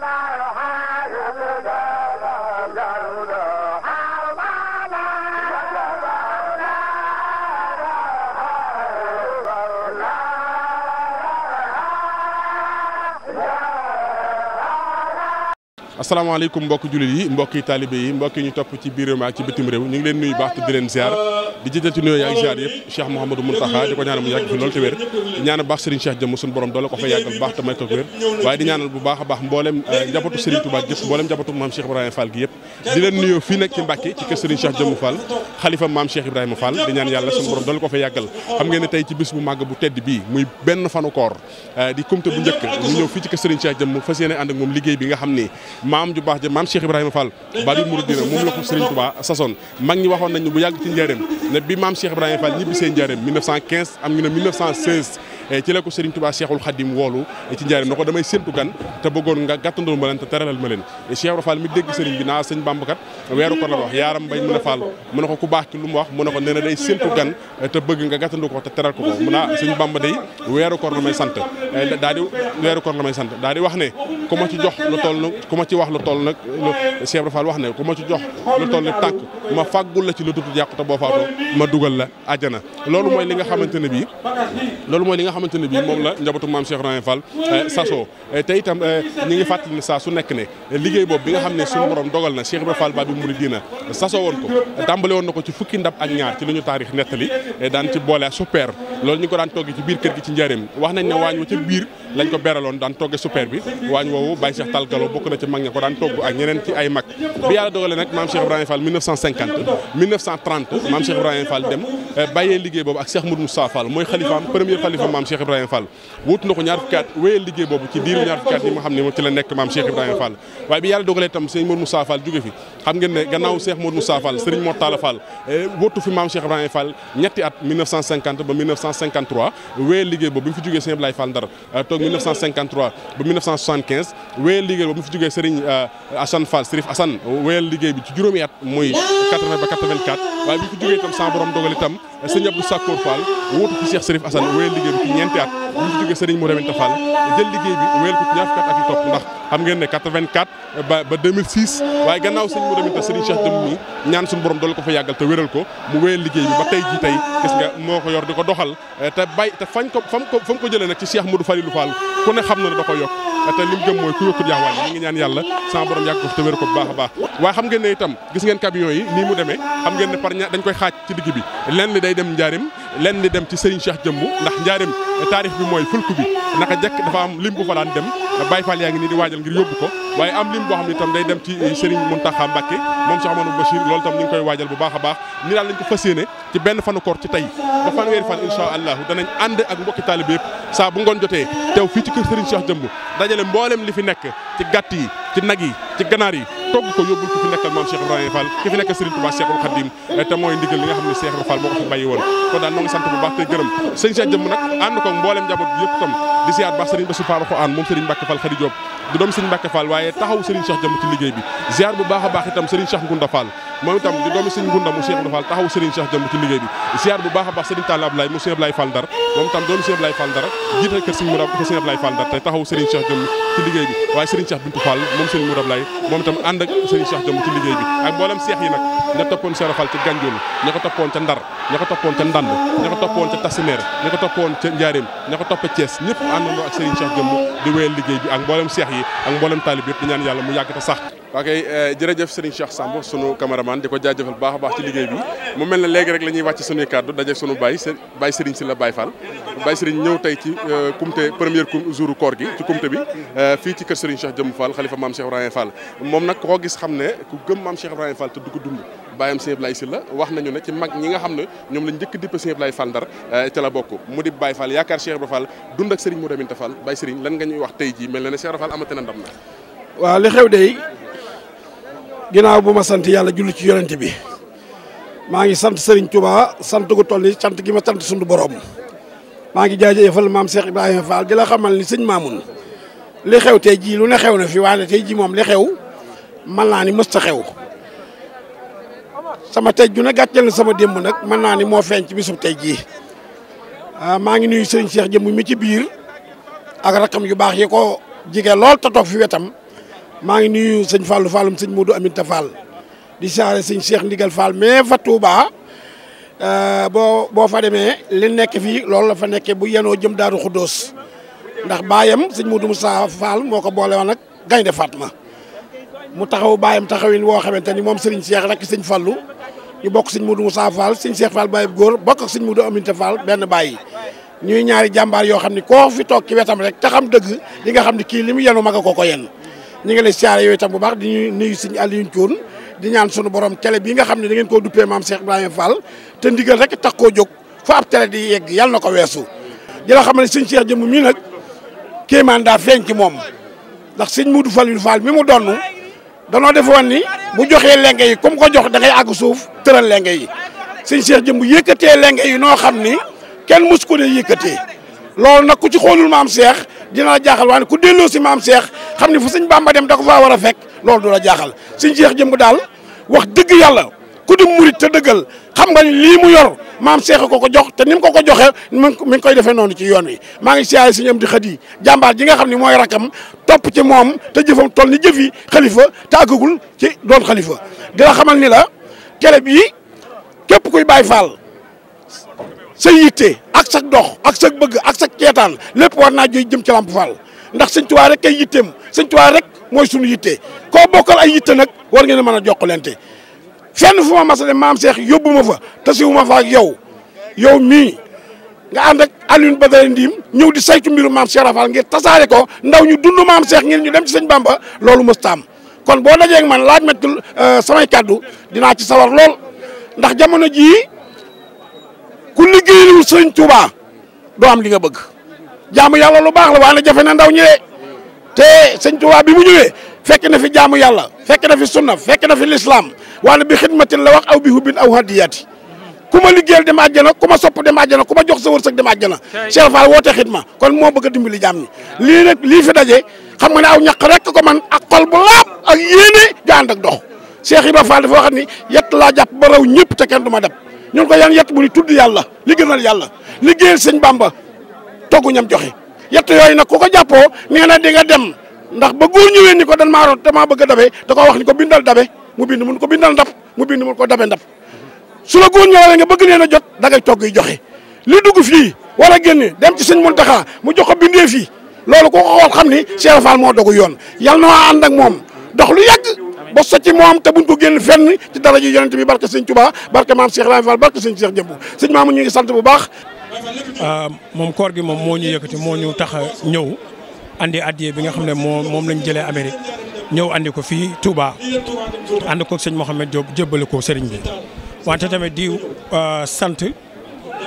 Carla. asalaamaaleykum mbokki jullit yi mbokki taalibe yi mbokki ñu topp ci biir ci bitim réew ñu ngi leen nuyu baax te di leen ziar di jiital ci nuyoo yaak ziar yëpp Cheikh Mouhamadou Mountakha di ko ñaanal mu yàgg fi loolu te wér di a baax eh, maam Cheikh Ibrahima Fall gi yëpp di leen nuyoo fii nag ci Mbàkke ci kër Serigne Cheikh jëmm Fall xalifa maam Cheikh Ibrahima Fall di ñaan yàlla suñu borom doole ko fa yàggal xam ngeen ne tey ci bis bu màgg bii muy benn fanu koor eh, di kumte bu njëkk ñu ñëw fii ci kër Serigne Cheikh jëmm fas yéene ànd ak moom liggéey mam ju bax ja maam Cheikh ibrahim Fall Bali Mouridina mom la ko Serigne Touba sasoon mag ñi waxon nañu bu yag ci njaareem ne bi mam Cheikh ibrahim Fall ñibi sen njaareem 1915 am ñu ne 1916 ci la ko Serigne Touba Cheikhul Khadim wolu ci njaareem nako damay séntu gan te bëggon nga gàttandoo ma len te teralal ma len cheikhul Fall mi dégg Serigne bi na serigne sëñ kat wëru ko la wax yaram bay mën Fall mu ne ko ku bax ci lu mu wax mu ne ko nee na day séntu gan te bëgg nga gàttandoo ko te teral ko ko mu serigne sëñ bamba day wëru ko la may sante daa wëru ko la may sante daa wax ne ku ma ci jox lu tollu ku ma ci wax lu toll nag Cheikh Rafal wax ne ku ma ci jox lu toll ni tànk ma fàggul la ci lu dut yàqu te boo ma dugal la àjjana loolu mooy li nga xamante ne bii loolu li nga xamante ne bii la njabootu maam Cheikh Ibrahima Fall sasoo te itam ñi ngi fàttali ne su nekk ne liggéey boobu bi nga xam suñu borom dogal na Cheikh Ibrahima Fall Baabul Muridiina sasoo woon ko tàmbale woon na ko ci fukki ndab ak ñaar ci li ñu taarix nettali ci boole super loolu ñu ko daan toggee ci biir kër gi ci njaareem wax nañ ne waañ wa ca lañ ko beraloon daan togge super bi waañ woowu Baye Cheikh Talgalo bokk na ci mag ña ko daan togg ak ñeneen ci ay mag bi yàlla dogale nag maam Cheikh Ibrahima Fall dem eh, bàyyee liggéey boobu ak Cheikh Moudou Moustapha Fall mooy xalifaam premier xalifa maam Cheikh Ibrahima Fall wut na ko ñaar fukki at wéyal liggéey boobu ci diiru ñaar fukki at yi nga xam ne ci la nekk maam Cheikh Ibrahima Fall waaye bi yàlla dogalee tam sëñ Moudou Moustapha Fall jóge fi xam ngeen 1953 ba 1975 wéyal liggéey ba mu fi euh, Fall Serif Assane wéyal liggéey bi ci juróomi at muy 80 ba 84 waaye bi mu fi jógee itam sans borom dogal itam sëñ Abdou Sakkour Fall wuutu ci Cheikh Serif Assane wéyal liggéey bi ci ñeenti at ñu ci jógee sëriñ Modou Aminta Fall jël liggéey bi wéyal ko ci ñaar fukki ak yu topp ndax xam ngeen ne 84 ba ba 2006 waaye gannaaw sëñ Modou Aminta sëriñ Cheikh Jëm mi ñaan suñu borom dool ko fa yàggal te wéral ko mu wéyal liggéey bi ba tey ji tey gis nga moo ko yor di ko doxal eh, te bay te fañ ko fam ko fam ko jëlee nag ci Cheikh Modou Falilou Fall ku ne xam na ne ko yokk te li mu jëm mooy ku yokkut yaa wàññi ñu ngi ñaan yàlla sama borom yàgg ko fi ko baax a baax waaye xam ngeen ne itam gis ngeen camion yi nii mu demee xam ngeen ne par ñaar dañ koy xaaj ci digg bi lenn li day dem njaarim lenn li dem ci Serigne Cheikh jëmbu ndax njaarim taarix bi mooy fulku bi naka jekk dafa am lim bu fa daan dem Baye Fall yaa ngi nii di waajal ngir yóbbu ko waaye am lim boo xam ne itam day dem ci eh, Serigne Mountakha Mbacké moom Cheikh Amadou Bachir loolu itam ñu koy waajal bu baax a baax ni daal lañ ko fas ci benn fanu koor ci tey ba fanweeri fan insha allah danañ ànd ak mbokki taalibe yëpp saa bu ngoon jotee teew fii ci kër Serigne Cheikh Jëmb dajale mboolem li fi nekk ci gàtt yi ci nag yi ci ganaar yi togg ko yóbbul ki fi nekkal maam Cheikh Ibrahima Fall ki fi nekkal Serigne Touba Cheikhul Khadim eh, te mooy ndigal li nga xam ne Cheikh Ibrahima moo ko fi bàyyi woon kon daal noo ngi sant baax tey gërëm sëñ Cheikh jëmm nag ànd ko mboolem njaboot bi yëpp itam di siyaat baax Serigne Bassirou Fall Alxuraan moom Serigne Mbacke Fall Khady du doom sëriñ Mbacke Fall waaye taxaw sëriñ Cheikh Jëmb ci liggéey bi ziar bu baax a baax itam sëriñ Cheikh Ngunda Fall moom itam di doomi sëriñ Ngunda mu Cheikh Ngunda Fall taxaw sëriñ Cheikh Jëmb ci liggéey bi ziar bu baax a baax sëriñ Talla Ablaye mu sëriñ Ablaye Fall Ndar moom itam doomi sëriñ Ablaye Ndar jiite kër sëriñ Mourab ko sëriñ Ablaye Ndar tey taxaw sëriñ Cheikh Jëmb ci liggéey bi waaye sëriñ Cheikh Bintou Fall moom sëriñ Mourab Lay moom itam ànd ak sëriñ Cheikh Jëmb ci liggéey ña ko toppoon ca Ndand ña ko toppoon ca Tasineer ña ko toppoon ca Njaaréem ña ko topp Thiès ñëpp àndandoo ak Serigne Cheikh Jëmm di wéyal liggéey bi ak mboolem seex yi ak mboolem taalib yëpp di ñaan yàlla mu yàgg te sax bakay jerejeuf Serigne Cheikh sambo sunu cameraman diko jajeufal jaajëfal baax baax ci liguey bi mu mel legui rek lañuy wàcc sunu cadeau dajje sunu Baye Baye Serigne ci la Baye fal Baye Serigne ñëw tay ci kumte première jour koor gi ci comité bi fi ci keur Serigne Cheikh dem Fall khalifa mam Cheikh ibrahim Fall mom nak ko gis xamne ku gëm mam Cheikh ibrahim Fall te duggu dund bayam seyf lay sil la wax nañu ne ci mag ñi nga xamne ñom lañu jëk njëkk seyf lay Ablaye Fall Ndar la bokku mu di Baye Fall yaakaar Cheikh ibrahim Fall dund ak Serigne Modou Aminta Fall Baye Serigne lan nga ñuy wax tay ji mel Cheikh ibrahim Fall amate na ndam na ginnaaw bu ma sant yàlla julli ci yonent bi maa ngi sant sëriñ Touba sant gu toll ni sant gi ma sant sunu borom maa ngi jaajëfal maam Cheikh Ibrahima Fall di la xamal ni sëñ Mamoun li xew tey jii lu ne xew na fi waaye tey jii moom li xew mën naa ni mësta xew sama te ju ne gàcceel na sama démb nag mën naa ni moo feeñ ci tey jii ah, maa ngi nuyu Serigne Cheikh mi ci biir ak rakam yu baax yi ko jige lool te fi wetam. maa ngi nuyu sëñ Fallou Fallum sëñ Modou Aminta Fall di saare sëñ Cheikh Ndigal Fall mais fa Touba euh, boo boo fa demee li nekk fii loolu la fa nekkee bu yenoo jëm Daaru Xuddoos ndax baayam sëñ mu saa Fall moo ko boole woon ak Gaynde Fatma mu taxaw baayam taxawin woo xamante ni moom sëriñ Cheikh rek sëñ fallu ñu bokk sëñ mu Moussa Fall sëñ Cheikh Fall baayam góor bokk ak mu Modou Aminta Fall benn bàyyi ñuy ñaari jàmbaar yoo xam ni koo fi toog ci wetam rek te xam dëgg li nga xam ni kii li mu yenu mag ko ko ñu ngi lay siyaare yooyu tam bu baax di nuyu Serigne Alioune Thioune di ñaan sunu borom télé bi nga xam ne da koo duppee maam Cheikh Ibrahima Fall te ndigal rek tax koo jóg fa ab télé di yegg yàlla na ko weesu. di la xam ne Serigne Cheikh jëmm mii nag kéemaan daa feeñ ci moom ndax Serigne Modou Fall Fall mi mu donn danoo defoon ni bu joxee lenge yi comme ko jox da ngay àgg suuf tëral lenge yi Serigne Cheikh jëmm yëkkatee lenge yi noo xam ni kenn mës ko dee yëkkatee loolu nag ku ci xoolul maam Cheikh dina la jaaxal waaye ku delo ci mam Cheikh xamni fu seigne Bamba dem da ko fa wara fek lolou dula du la jaaxal sëñ Cheikh jëm dal wax deug yalla ku di mourid te deugal xam nga li mu yor mam Cheikh ko ko jox te nim ko ko joxe mi ngi koy defé non ci yoon wi ma ngi siyaay sëñ Amdi khadi jambar gi nga xamni moy rakam top ci mom te jëfum toll ni jëfi xalifa te àggagul ci doon khalifa dila xamal ni la télé bi kep kuy bay fall sa yitte ak sa dox ak sa bëgg ak sa keetaan lépp war naa jëm ci Lamp Fall ndax sëñ Tuubaa rek kay yitteem sëñ Tuubaa rek mooy suñu yitte koo bokkal ay yitte nag war ngeen a mën a jokkalante fenn fu ma mas maam Seex yóbbu ma fa tasiwu ma fa yow yow mii nga ànd ak Alioune Badara Ndim ñëw di saytu mbiru maam Cheikh Rafal ngir tasaare ko ndaw ñu dul maam Cheikh ngir ñu dem ci sëñ Bamba loolu mëstaam kon boo dajee ak man laaj ma euh, samay kàddu dinaa ci sawar lool ndax jamono jii ku liggéeyul sëñ Touba doo am li nga bëgg jaamu yàlla lu baax la waaye jafe na ndaw ñëwee te sëñ Touba bi mu ñëwee fekk na fi jaamu yàlla fekk na fi sunna fekk na fi lislaam wala bi xidmatin la wax aw bi hubbin aw hadiyati ku ma liggéeyal dem àjjana ku ma sopp dem àjjana ku ma jox sa wërsëg dem àjjana Cheikh Fall woote xidma kon moo bëgg a jaam ñi lii nag lii fi daje xam nga ne aw ñaq rek ko man ak xol bu laab ak yéene ga ànd ak dox Cheikh Ibra Fall dafa wax ni ñëpp te kenn du ma dab ñu ko yan yett bu ni tudd yalla li gënal li gën sëñ bamba togu ñam joxe yett yoy nak ku ko jàppoo di nga dem ndax ba goor ñu wéni ko dan maaroon te maa bëgg dabé da ko wax ni ko bindal dabe mu bind mun ko bindal ndap mu bind mun ko dabé ndap su la góor ñëwee nga bëgg neena jot da ngay togu joxe li dugg fi war gën dem ci sëñ muntaha mu jox ko bindé fi lolu ko xol xamni Cheikh Fall mo dogu yoon yalla na waa ak dox lu yàgg ba socc moom ta buñ ko génn fenn ci dara ji yonent bi barke sëñ Touba barke maam Cheikh Ibrahima Fall barke sëñ Cheikh Jëmb sëñ maamu ñu ngi sant bu baax. Ah, moom koor gi moom moo ñu yëkkati moo ñu tax ñëw andi addiye bi nga xam ne moo moom lañ jëlee Amérique ñëw andi ko fii Touba ànd ko sëñ Mouhamed Diop jébbale ko sëriñ bi wante tamit diw ah, sant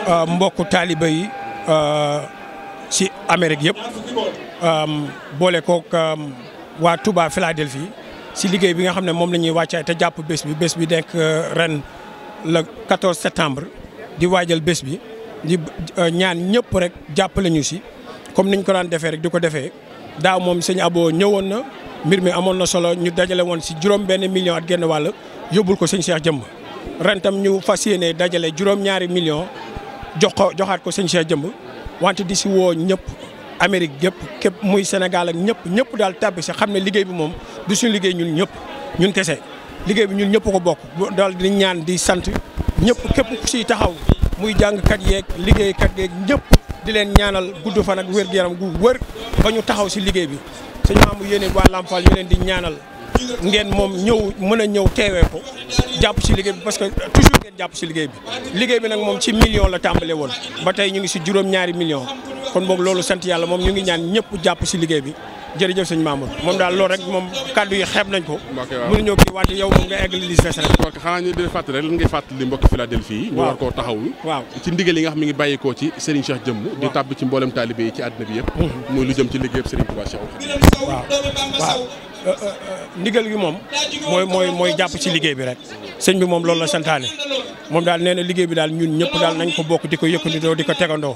ah, mbokku taaliba yi ci Amérique yëpp boole koog waa Touba Philadelphie. si liggéey bi nga xam ne moom la ñuy wàccaay te jàpp bés bi bés bi nekk euh, ren la 14 septembre di waajal bés bi di euh, ñaan ñëpp rek jàppale ñu si comme niñ ko daan defee rek di ko defee daa moom sëñ Abo ñëwoon na mbir mi amoon na solo ñu dajale woon si juróom benn million ak genn wàll yóbbul ko sëñ Cheikh Jëmb ren tam ñu fas yéene dajale juróom-ñaari million jox ko joxaat ko sëñ Cheikh Jëmb wante di si woo ñëpp Amérique gépp képp muy Sénégal ak ñëpp ñëpp daal tàbbi si xam ne liggéey bi moom du suñu liggéey ñun ñëpp ñun kese liggéey bi ñun ñëpp ko bokk daal di ñaan di sant ñëpp képp ku taxaw muy jàngkat yeeg liggéeykat yeeg ñëpp di leen ñaanal gudd fan ak wér-gu-yaram gu wër ba ñu taxaw si liggéey bi suñu maamu yéeneen waa Lampal ñu leen di ñaanal ngeen moom ñëw mën a ñëw teewee ko jàpp si liggéey bi parce que toujours ngeen jàpp si liggéey bi liggéey bi nag moom ci million la tàmbale woon ba tey ñu ngi si juróom-ñaari million kon boog loolu sant yàlla moom ñu ngi ñaan ñëpp jàpp si liggéey bi jërëjëf sëñ Mamour moom daal loolu rek moom kaddu yi xeeb nañ ko mënuñoo kii wante yow nga egg li rek di nga xam ne ngi bàyyikoo ci Serigne Cheikh jëmm di tàbb ci mboolem taalibe yi ci àddina bi yëpp mhm. muy lu jëm ci liggéeyam Serigne euh, euh, euh, liggéey bi rek sëñ bi moom loolu la santaane moom daal nee liggéey bi daal ñun ñëpp daal nañ ko bokk di ko yëkkanditoo di ko tegandoo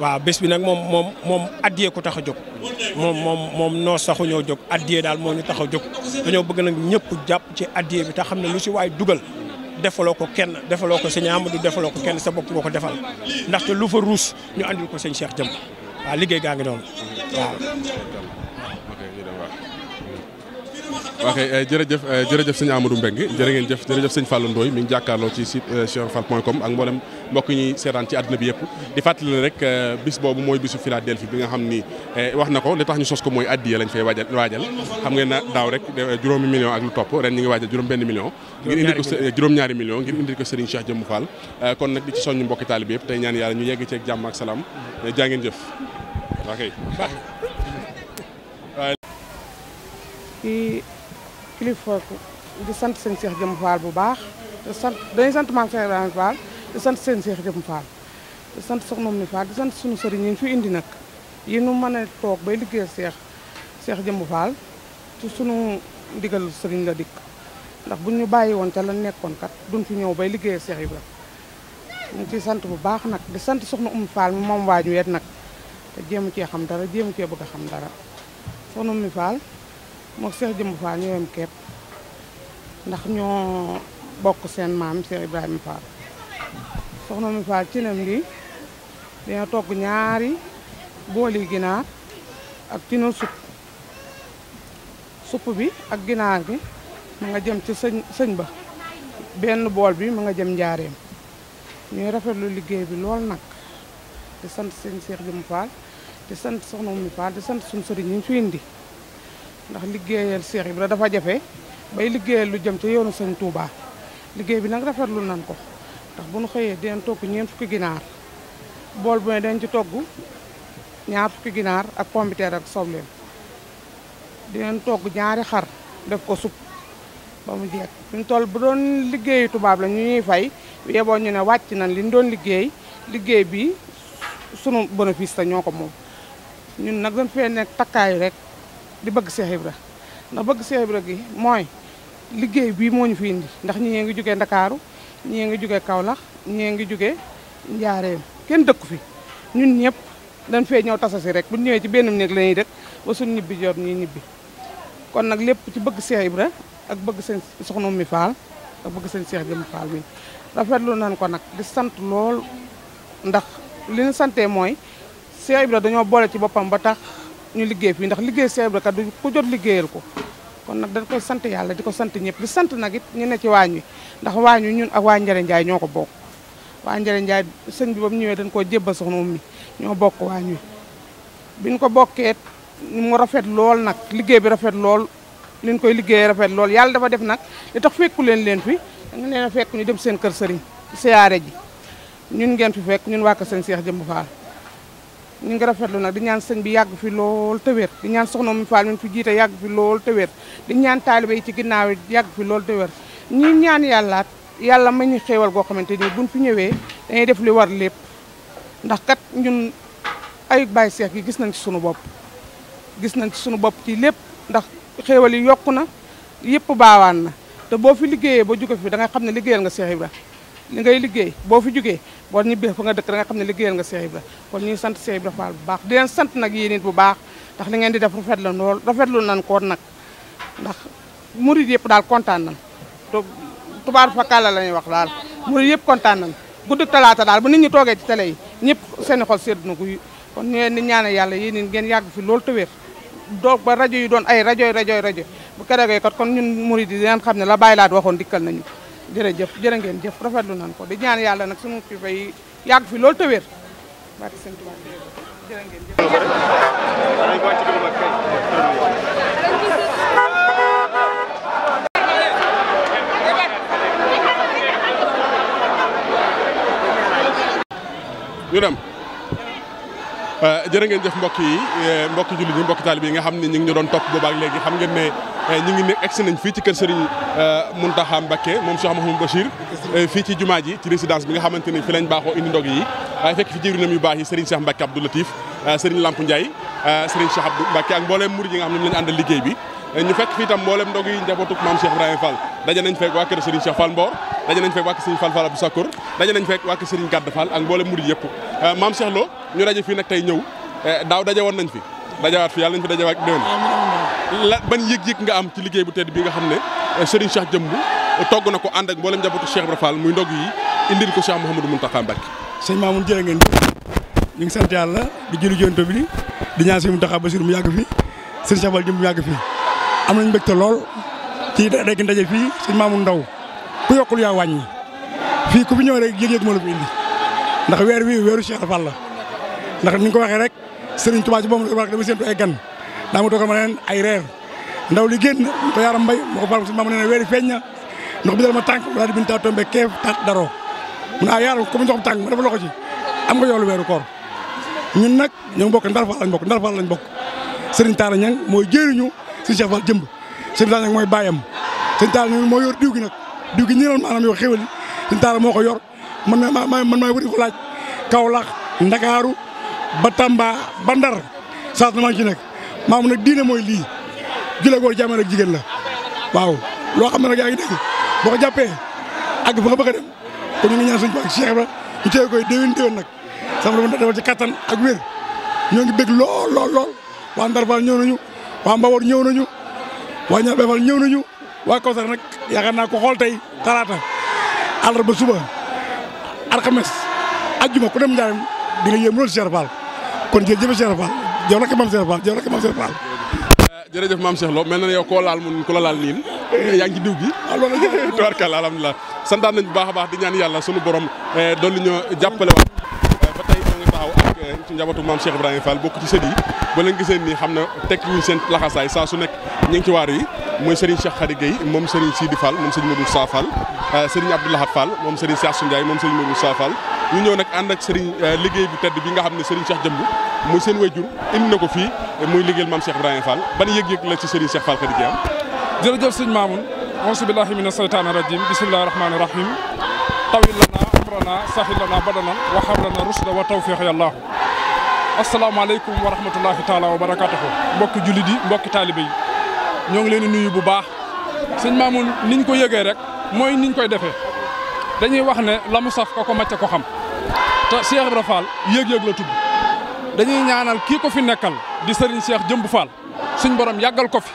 wa bes bi nak mom mom mom addiyee ko tax jog mom mom mom no saxu ñoo jog addiyee dal mo ñu tax jog dañoo bëgg nak ñepp japp ci addiyee bi ta xamne lu ci way duggal defalo ko kenn defalo ko Amadou defalo ko kenn sa ko defal te lu fa rouss ñu andil ko Cheikh wa liggéey gaangi ok eh, jërëjëf eh, jërëjëf sëñ Amadou Mbengue jërë ngeen jëf jërëjëf sëñ Fallou Ndoye mi ngi jàkkaarloo ci site cheikhourfall.com eh, ak mboolem mbokk ñuy seetaan ci àdduna bi yëpp di fàttali ne rek bis boobu mooy bisu Philadelphie bi nga xam ni wax na ko li tax ñu sos ko mooy addiya lañ fay waajal waajal xam ngeen na daaw rek juróomi million ak lu topp ren ñu ngi waajal juróom benn million ngir indi ko juróom-ñaari million ngir ko Serigne Cheikh Jëmmu Fall kon nag di ci soññu mbokki taali bi yëpp tey ñaan yàlla ñu yegg ceeg kilifa di sant seen Cheikh Jëm Fall bu baax di sant dañuy sant maam Cheikh Ibrahima Fall di sant seen Cheikh Jëm Fall di sant soxna Oumy Fall sant suñu sëriñ yi ñu fi indi nag yi nu mën a toog bay liggéeyal Cheikh seex Jëm Fall ci sunu ndigal sëriñ la dikk ndax buñ ñu bàyyi woon ca la nekkoon kat duñ fi ñëw bay seex yi ba ñu ciy sant bu baax nag di sant soxna Oumy Fall moom waa ñu weet nag te jéem cee xam dara jéem cee bëgg xam dara soxna Oumy Fall mo Cheikh Jëmb fa ñoo yem képp ndax ño bokk seen mam Cheikh ibrahim fa soxna mi ci cinam gi dina togg ñaari boli ginaar ak tino sup sup bi ak ginaar gi ma nga jëm ci señ sëñ ba benn bol bi ma nga jëm njaareem ñuy rafetlu liggey bi lool nak di sant sëñ Cheikh Jëmb fa di sant soxna mi fa di sant sun sëriñ ñu fi indi ndax liggéeyal Cheikh Ibra dafa jafe bay liggéeyal lu jëm ca yoonu sëñ Touba liggéey bi nag rafetlu nan ko ndax bu nu xëyee dinañ togg ñeent fukki ginaar bool bu ne dañ ci togg ñaar fukki ginaar ak pombiteer ak sobleem dinañ ñaari xar def ko sup ba mu jeex ñu tool bu doon liggéeyu tubaab la ñu ñuy fay yeboo ñu ne wàcc nañ li doon liggéey liggéey bi sunu bénéfice la ñoo ko moom ñun nag dañ fee nekk takkaayu rek di bëgg Cheikh Ibra ndax bëgg Cheikh Ibra gi moy liggéey bi moo fi indi ndax ñi nga joggé Ndakaaru ñi nga joggé Kaolack ñi nga joggé ndiaré kenn dëkk fi ñun ñëpp dañ fay ñëw tassasi rek bu ñu ci bénn néeg lañuy dëkk ba suñu ñibbi jor ñi ñibbi kon nak lepp ci bëgg Cheikh Ibra ak bëgg sen soxno mi faal ak bëgg sen Cheikh Jëmm faal mi rafetlu nañ ko nak di sant lool ndax li ñu santee moy Cheikh Ibra dañoo boole ci bopam ba tax ñu liggéey fii ndax liggéey Cheikh Ibra kat du ku jot liggéeyal ko kon nag dañ koy sant yàlla di ko sant ñëpp di sant nag it ñu ne ci waañ wi ndax waañ wi ñun ak waa Njare Njaay ñoo ko bokk waa Njare Njaay sëñ bi ba mu ñëwee dañ koo jébbal soxna mi ñoo bokk waañ wi biñ ko bokkee mu rafet lool nag liggéey bi rafet lool liñ koy liggéey rafet lool yàlla dafa def nag tax fekku leen leen fi danga leen fekk ñu dem seen kër sëriñ siyaare ji ñun ngeen fi fekk ñun waa kër sëñ Seex Jëmb Faal ñu ngi rafetlu nag di ñaan sëñ bi yàgg fi lool te wér di ñaan soxna mu Fall fi jiite yàgg fi lool te wér di ñaan taalibe ci ginnaaw yàgg fi lool te wér ñi ñaan yàllaat yàlla ma ñu xeewal goo xamante ni buñ fi ñëwee dañuy def li war lépp ndax kat ñun ay Baye seex gi gis nañ ci sunu bopp gis nañ ci sunu bopp ci lépp ndax xéewal yi yokk na yëpp baawaan na te boo fi liggéeyee boo jóge fi da xam ne liggéeyal nga Cheikh Ibra li ngay liggéey boo fi jógee bo ñibé fa nga dëkk da nga xamné ne liggéeyal nga Cheikh Ibra kon ñu sant Cheikh Ibra Fall bu baax di leen sant nak yéen it bu baax ndax li ngeen di def rafet la lool rafetlu nañ ko nak ndax mouride yépp dal contane nañ tubaar fakkaala la ñuy wax dal mouride yépp contane nañ guddi talata dal bu nit ñi togué ci télé yi ñepp seen xol sedd na ko kon ñu ni ñaanal yalla yéen it ngeen yag fi lool te do ba radio yu doon ay radio radio radio bu keroogee kat kon ñun mouride di dinañ xamné la bàyyi laat waxoon dikkal nañu jërëjëf jërë ngeen jëf rafetlu nañ ko di ñaan yàlla nag suñu kilifa yi yàgg fi loolu te wér barke sëñ Tuubaa jëf ñu dem euh, jërë yi mbokki jullit yi mbokki taalibe yi nga xam ne ñu ngi ñu doon topp boobaak léegi xam ngeen ne Eh, ñu ngi nekk egsi nañ fii ci kër Serigne eh, Mountakha Mbacké moom Cheikh eh, fii ci jumaa ji ci résidence bi nga xamante ni fi baaxoo indi ndog yi waaye fekk fi jëwrinam yu baax yi Serigne Cheikh Mbacké Abdou Latif nga xam ne ñoom liggéey bi ñu fekk fii tam mboolem ndog yi njabootu maam Cheikh Ibrahima Fall daje nañ fekk waa kër Serigne Cheikh Fall Mbor daje Gadd Fall ak mboolem murid yëpp maam Cheikh Lo ñu daje fii nag tey ñëw daaw daje woon nañ fi dajawaat fi yàlla nañ fi dajawaat déwén la ban yëg-yëg nga am ci liggéey bu tedd bi nga xam ne euh, Serigne Cheikh Jëmb togg na ko ànd ak mboolem njabootu Cheikh Ibra Fall muy ndog yi indil ko Cheikh Mouhamadou Mountakha Mbacké. sëñ Mamoun jërë ngeen ñu ngi sant yàlla di jëlu jonto bi di ñaan Serigne Mountakha Bassirou mu yàgg fi Serigne Cheikh Fall Jëmb mu yàgg fi am nañ mbégte lool ci rek ndaje fii sëñ Mamoun Ndaw ku yokkul yaa yi fii ku fi ñëw rek yëg-yëg moo la fi indi ndax weer wi weeru Cheikh Fall la ndax ni nga ko waxee rek Serigne Touba ci boom dama séentu ay gan daa ma toogal ma neen ay reer ndaw li genn to yaram bay moko ko faral mamane maam nee ndox bi dal ma tank wala bin ta tombe kef tat daro mu ne ko yaaram ndox tank ma dafa loxo ci am nga yoolu weeru koor ñun nak ñu bokk ndar lañ bokk ndal fa lañ bokk Serigne Talla Niang mooy jëriñu ci Cheikh wal jëmb Serigne Talla ñang moy bayam Serigne Talla ñu moo yor diw gi nak diw gi ñëral manam yo xewal Serigne Talla moko yor man ma man may wuri ko laaj kaolax ndakaru ba Tamba ba Ndar ci nak maam nag diine mooy lii jula góor jàmm ak jigéen la waaw loo xam ne nag yaa ngi dégg boo ko jàppee ak fa nga a dem kon ñu ngi ñaan suñu baax Cheikh Ibra ñu koy déwén déwén nag sama dama defal ci kattan ak wér ñoo ngi bëgg lool lool lool waa Ndar Fall ñëw nañu waa Mbawar ñëw nañu waa Ñaar Fall ñëw nañu waa Kawsar nag yaakaar naa ko xool tey talaata ba suba alxames ajjuma ku dem Njaareem di nga yéem loolu Cheikh Fall kon jërëjëf Cheikh yow rek maam Cheikh Fall euh, jërëjëf maam Cheikh Lo mel na ne yow koo laal mun ku la laal niin yaa ngi ci diw gi loolu tubaarkàlla alhamdulilah santaan nañ bu baax a baax di ñaan yàlla sunu borom euh, doon li ñoo jàppale waat euh, ba tey ñoo ngi taxaw ak ci njabootu maam Cheikh Ibrahima Fall bokk ci sët yi ba leen nii xam na tekkiwuñ seen laxasaay saa su nekk ñu ngi ci waar yi mooy Serigne Cheikh Khady Gueye moom Serigne siidi faal moom Serigne Modou Sa Fall Serigne Abdoulahat Fall moom Serigne Cheikh Sundiaye moom Serigne Modou Sa Fall ñu ñëw nag ànd ak Serigne liggéey bu tedd bi nga xam ne Serigne Cheikh jëmb muy seen wayjur indi na ko fii muy liggéeyal maam Cheikh Ibrahima Fall ban yëg-yëg la ci sëriñ Cheikh Fall Khady Gueye am. jërëjëf sëñ Mamoun auzu billahi mina saytaani rajim bismillahi rahmaani rahim tawil lana amrana sahil lana badana wa hablana rusda wa tawfiq yàllaahu asalaamaaleykum wa rahmatullahi taala wa barakatuhu mbokki jullit yi mbokki taalibe yi ñoo ngi leen di nuyu bu baax sëñ Mamoun niñ ko yëgee rek mooy niñ koy defee dañuy wax ne la mu saf ka ko macca ko te Cheikh Ibrahima Fall yëg-yëg la dañuy ñaanal kii ko fi nekkal di Serigne Cheikh Jëmb Fall suñ borom yàggal ko fi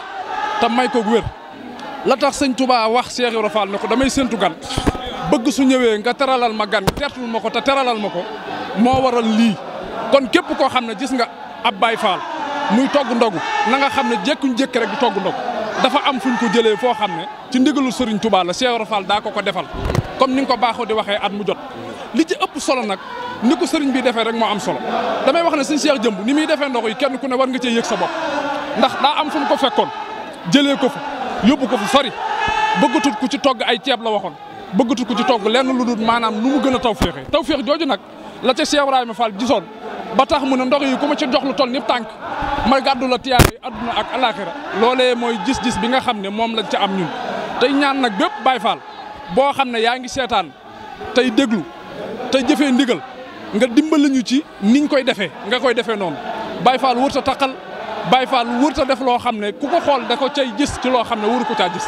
te may ko wér la tax sëñ Touba wax Cheikh Ibra Fall ne ko damay séentu gan bëgg su ñëwee nga teralal ma gan tertul ma ko te teralal ma ko moo waral lii kon képp koo xam ne gis nga ab Baye Fall muy togg ndogu na nga xam ne jékkuñ jékki rek di togg ndogu dafa am fuñ ko jëlee foo xam ne ci ndigalul sëriñ Touba la Cheikh Fall daa ko ko defal comme ni nga ko baaxoo di waxee at mu jot li ci ëpp solo nag ni ko sëriñ bi defee rek moo am solo damay wax ne suñ Cheikh jëmb ni muy defee ndox yi kenn ku ne war nga cee yëg sa bopp ndax daa am fu ko fekkoon jëlee ko fa yóbbu ko fu sori bëggatut ku ci togg ay ceeb la waxoon bëggatut ku ci togg lenn lu dul maanaam nu mu gën a taw féexee taw feex jooju nag la ca Cheikh Ibrahima Fall gisoon ba tax mu ne ndox yi ku ma ci jox lu toll ni tànk ma gàddu la tiyaar yi adduna ak alaxira loolee mooy gis-gis bi nga xam ne moom lañ ci am ñun tey ñaan nag bépp Baay Faal boo xam ne yaa ngi seetaan tey déglu tey jëfee ndigal nga dimbali ñu ci niñ koy defee nga koy defee noonu Baay Faal wër ta taqal Baay Faal wër def loo xam ne ku ko xool da ko cay gis ci loo xam ne wëru ko caa gis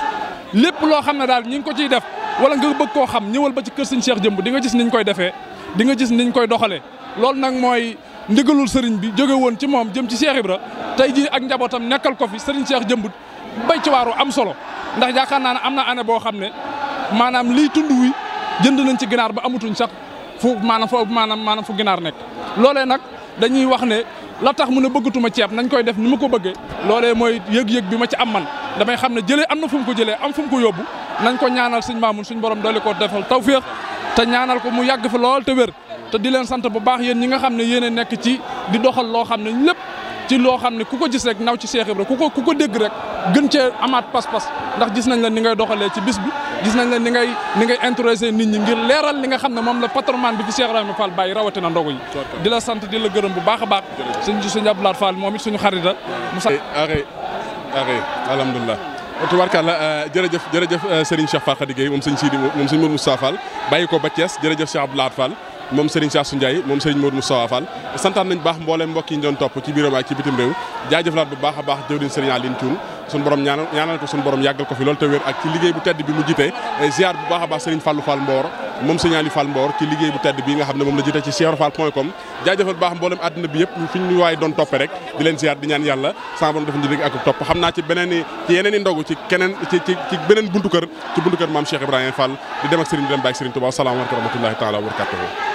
lépp loo xam ne daal ñi ngi ko ciy def wala nga bëgg koo xam ñëwal ba ci kër Sëñ Cheikh Jëmb di gis niñ koy defee di nga gis niñ koy doxalee nag mooy ndigalul sëriñ bi jóge woon ci moom jëm ci Cheikh Ibra tey jii ak njabootam nekkal ko fi sëriñ Cheikh jëmbut bay ci waaru am solo ndax yaakaar naa ne am na année boo xam ne maanaam lii tund wi jënd nañ ci ginaar ba amatuñ sax fu maanaam foo maanaam maanaam fu ginaar nekk loolee nag dañuy wax ne la tax mu ne bëggatuma ceeb nañ koy def ni mu ko bëggee loolee mooy yëg-yëg bi ma ci am man damay xam ne jële am na fu mu ko jëlee am fu mu ko yóbbu nañ ko ñaanal suñ maamun suñ borom doole ko defal tawféex te ñaanal ko mu yàgg fa lool te wér te di leen sant bu baax yéen ñi nga xam ne yéen a nekk ci di doxal loo xam ne lépp ci loo xam ne ku ko gis rek naw ci Cheikh Ibra ku ko ku ko dégg rek gën cee amaat pas-pas ndax gis nañ la ni ngay doxalee ci bis bi gis nañ la ni ngay ni ngay intéresser nit ñi ngir leeral li nga xam ne moom la patrimoine bi fi Cheikh Ibrahima Fall bàyyi rawatina ndogu yi di la sant di la gërëm bu baax a baax suñ suñu Abdoulaye Fall moom it suñu xarita mu sax alhamdulilah tubaarkàlla euh, jërëjëf jërëjëf euh, Serigne Cheikh Fall Khady Gueye moom sëñ Sidi moom sëñ Mourou Moustapha Fall bàyyi ko ba Thiès jërëjëf Cheikh Abdoulaye Fall moom Serigne Sassou Ndiaye moom Serigne Modou Moustapha Fall santaan nañ baax mbooleem mbokk yi ñu doon topp ci biiram ak ci bitim réew jaajëfalaat bu baax a baax jëwriñ Serigne Aline Thioune suñu borom ñaanal ñaanal ko suñu borom yàggal ko fi loolu te wér ak ci liggéey bu tedd bi mu jitee eh, ziar bu baax a baax Serigne Fallou Fall moom Serigne Aliou Fall ci liggéey bu tedd bi nga xam ne moom la jitee ci cheikhrofall.com jaajëfal baax mbooleem àddina bi yëpp fi ñu waaye doon toppe rek di leen i ndogu ci keneen ci ci beneen buntu kër ci buntu